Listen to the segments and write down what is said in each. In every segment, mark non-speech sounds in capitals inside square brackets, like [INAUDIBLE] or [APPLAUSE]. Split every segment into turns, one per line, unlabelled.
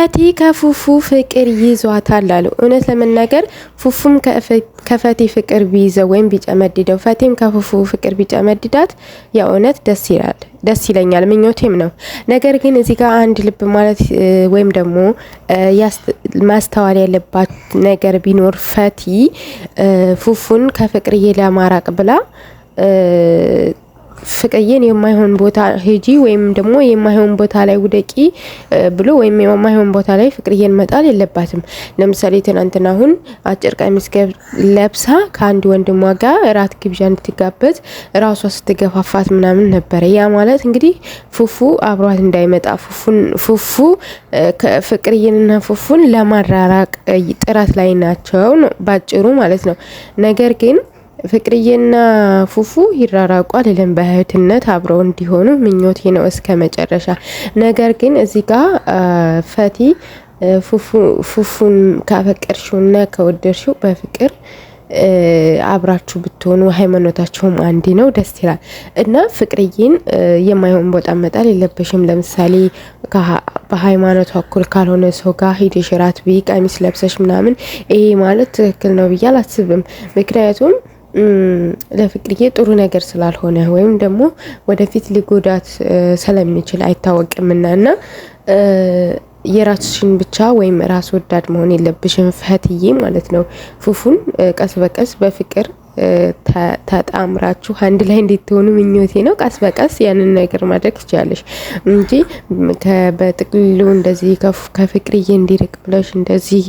ፈቲ ከፉፉ ፍቅር ይዟታል አሉ። እውነት ለመናገር ፉፉም ከፈቲ ፍቅር ቢይዘው ወይም ቢጨመድደው ፈቲም ከፉፉ ፍቅር ቢጨመድዳት የእውነት ደስ ይላል፣ ደስ ይለኛል፣ ምኞቴም ነው። ነገር ግን እዚህ ጋር አንድ ልብ ማለት ወይም ደግሞ ማስተዋል ያለባት ነገር ቢኖር ፈቲ ፉፉን ከፍቅርዬ ለማራቅ ብላ ፍቅዬን የማይሆን ቦታ ሄጂ ወይም ደግሞ የማይሆን ቦታ ላይ ውደቂ ብሎ ወይም የማይሆን ቦታ ላይ ፍቅርዬን መጣል የለባትም። ለምሳሌ ትናንትና አሁን አጭር ቀሚስ ለብሳ ከአንድ ወንድሟ ጋር እራት ግብዣ እንድትጋበዝ ራሷ ስትገፋፋት ምናምን ነበረ። ያ ማለት እንግዲህ ፉፉ አብሯት እንዳይመጣ ፉፉ ፍቅርዬንና ፉፉን ለማራራቅ ጥረት ላይ ናቸው፣ ባጭሩ ማለት ነው። ነገር ግን ፍቅርዬና ፉፉ ይራራቁ አልልም። በእህትነት አብረው እንዲሆኑ ምኞቴ ነው እስከ መጨረሻ። ነገር ግን እዚህ ጋር ፈቲ ፉፉን ካፈቀርሽውና ከወደድሽው በፍቅር አብራችሁ ብትሆኑ ሃይማኖታችሁም አንድ ነው፣ ደስ ይላል እና ፍቅርዬን የማይሆን ቦታ መጣል የለብሽም። ለምሳሌ በሃይማኖት እኩል ካልሆነ ሰው ጋር ሂደሽ ራት ቀሚስ ለብሰሽ ምናምን፣ ይሄ ማለት ትክክል ነው ብዬ አላስብም። ምክንያቱም ለፍቅርዬ ጥሩ ነገር ስላልሆነ ወይም ደግሞ ወደፊት ሊጎዳት ስለሚችል አይታወቅምና እና የራስሽን ብቻ ወይም ራስ ወዳድ መሆን የለብሽም ፈትዬ ማለት ነው። ፉፉን ቀስ በቀስ በፍቅር ተጣምራችሁ አንድ ላይ እንድትሆኑ ምኞቴ ነው። ቀስ በቀስ ያንን ነገር ማድረግ ትችላለሽ እንጂ በጥቅሉ እንደዚህ ከፍቅርዬ እንዲርቅ ብለሽ እንደዚህ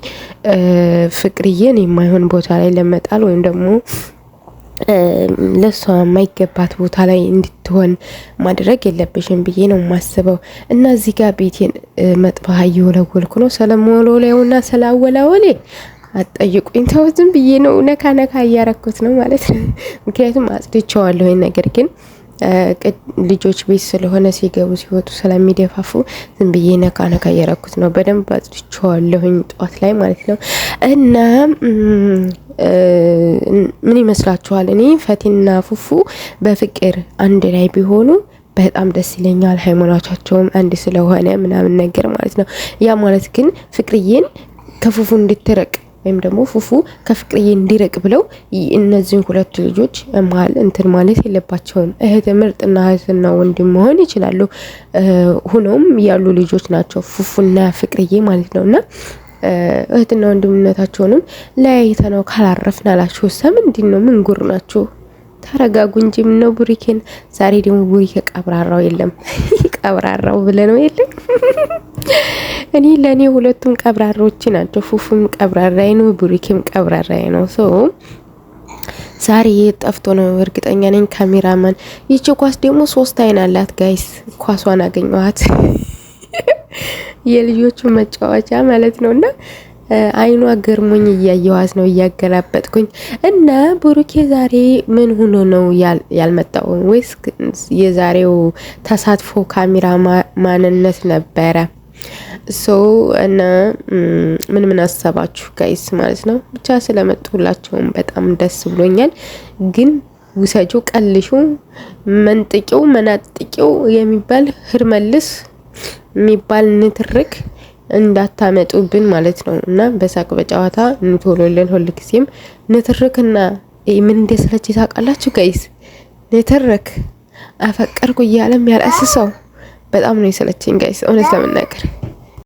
ፍቅርዬን የማይሆን ቦታ ላይ ለመጣል ወይም ደግሞ ለእሷ የማይገባት ቦታ ላይ እንድትሆን ማድረግ የለብሽም ብዬ ነው የማስበው። እና እዚህ ጋር ቤቴን መጥፋ እየወለወልኩ ነው ስለመወሎሌውና ስላወላወሌ አትጠይቁኝ። ተው ዝም ብዬ ነው ነካ ነካ እያረኩት ነው ማለት ነው። [LAUGHS] ምክንያቱም አጽድቼዋለሁ ነገር ግን ልጆች ቤት ስለሆነ ሲገቡ ሲወጡ ስለሚደፋፉ ዝም ብዬ ነካ ነካ እያረኩት ነው። በደንብ አጽድቼዋለሁኝ ጠዋት ላይ ማለት ነው እና ምን ይመስላችኋል? እኔ ፈቲና ፉፉ በፍቅር አንድ ላይ ቢሆኑ በጣም ደስ ይለኛል። ሃይማኖታቸውም አንድ ስለሆነ ምናምን ነገር ማለት ነው። ያ ማለት ግን ፍቅርዬን ከፉፉ እንድትረቅ ወይም ደግሞ ፉፉ ከፍቅርዬ እንዲረቅ ብለው እነዚህን ሁለቱ ልጆች መሀል እንትን ማለት የለባቸውም። እህት ምርጥና እህትና ወንድም መሆን ይችላሉ። ሁኖም ያሉ ልጆች ናቸው ፉፉና ፍቅርዬ ማለት ነው እና እህትና ወንድምነታቸውንም ለያይተ ነው ካላረፍን አላችሁ። ሰምን እንዲ ነው ምን ጉር ናችሁ? ተረጋጉ እንጂ ነው ቡሪኬን ዛሬ ደግሞ ቡሪኬ ቀብራራው የለም [LAUGHS] ቀብራራው ብለ ነው የለ [LAUGHS] እኔ ለእኔ ሁለቱም ቀብራሮች ናቸው። ፉፉም ቀብራራይ ነው፣ ቡሪኬም ቀብራራይ ነው። ሰው ዛሬ ጠፍቶ ነው እርግጠኛ ነኝ። ካሜራማን ይቺ ኳስ ደግሞ ሶስት አይን አላት ጋይስ። ኳሷን አገኘዋት። [LAUGHS] የልጆቹ መጫወቻ ማለት ነው እና አይኗ ገርሞኝ እያየዋት ነው እያገላበጥኩኝ። እና ብሩኬ ዛሬ ምን ሆኖ ነው ያልመጣው? ወይስ የዛሬው ተሳትፎ ካሜራ ማንነት ነበረ? ሶ እና ምን ምን አሰባችሁ ጋይስ ማለት ነው። ብቻ ስለመጡላቸውም በጣም ደስ ብሎኛል። ግን ውሰጁ፣ ቀልሹ፣ መንጥቂው፣ መናጥቂው የሚባል ህርመልስ የሚባል ንትርክ እንዳታመጡብን ማለት ነው። እና በሳቅ በጨዋታ እንቶሎለን ሁል ጊዜም ንትርክና ምን እንደሰለች ታውቃላችሁ ጋይስ? ንትርክ አፈቀርኩ እያለም ያለእስ በጣም ነው የሰለችኝ ጋይስ፣ እውነት ለመናገር